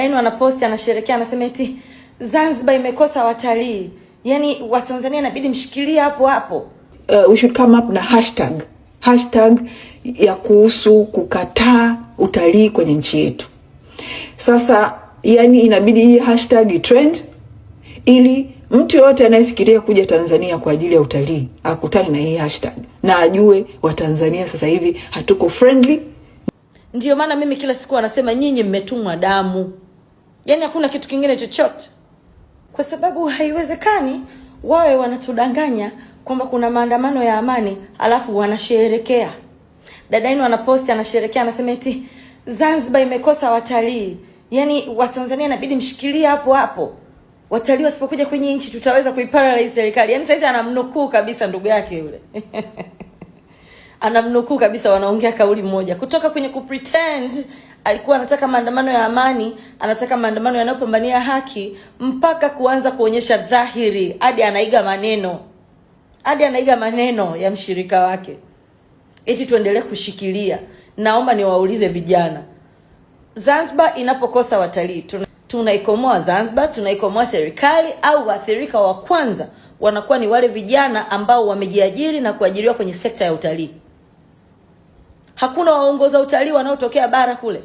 Daino anaposti anasherekea, anasema eti Zanzibar imekosa watalii. Yaani Watanzania inabidi mshikilie hapo hapo. Uh, we should come up na hashtag hashtag ya kuhusu kukataa utalii kwenye nchi yetu. Sasa yani, inabidi hii hashtag trend ili mtu yoyote anayefikiria kuja Tanzania kwa ajili ya utalii akutane na hii hashtag na ajue Watanzania sasa hivi hatuko friendly. Ndiyo maana mimi kila siku anasema nyinyi mmetumwa damu. Yaani hakuna kitu kingine chochote, kwa sababu haiwezekani wawe wanatudanganya kwamba kuna maandamano ya amani alafu wanasherekea. Dada yenu anaposti anasherekea, anasema eti Zanzibar imekosa watalii. Yaani Watanzania inabidi mshikilie hapo hapo, watalii wasipokuja kwenye nchi tutaweza kuiparalyze serikali. Yaani sasa anamnukuu kabisa ndugu yake yule anamnukuu kabisa, wanaongea kauli moja kutoka kwenye kupretend alikuwa anataka maandamano ya amani, anataka maandamano yanayopambania haki, mpaka kuanza kuonyesha dhahiri, hadi anaiga maneno, hadi anaiga maneno ya mshirika wake, eti tuendelee kushikilia. Naomba niwaulize vijana, Zanzibar inapokosa watalii tunaikomoa Zanzibar, tunaikomoa serikali au waathirika wa kwanza wanakuwa ni wale vijana ambao wamejiajiri na kuajiriwa kwenye sekta ya utalii hakuna waongoza utalii wanaotokea bara kule,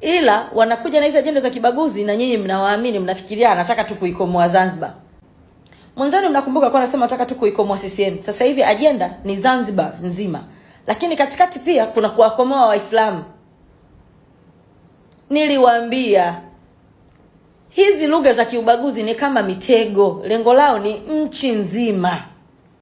ila wanakuja na hizi ajenda za kibaguzi, na nyinyi mnawaamini, mnafikiria anataka tu kuikomoa Zanzibar. Mwanzoni mnakumbuka kwa anasema nataka tu kuikomoa CCM. Sasa hivi ajenda ni Zanzibar nzima, lakini katikati pia kuna kuwakomoa Waislamu. Niliwaambia hizi lugha za kiubaguzi ni kama mitego, lengo lao ni nchi nzima.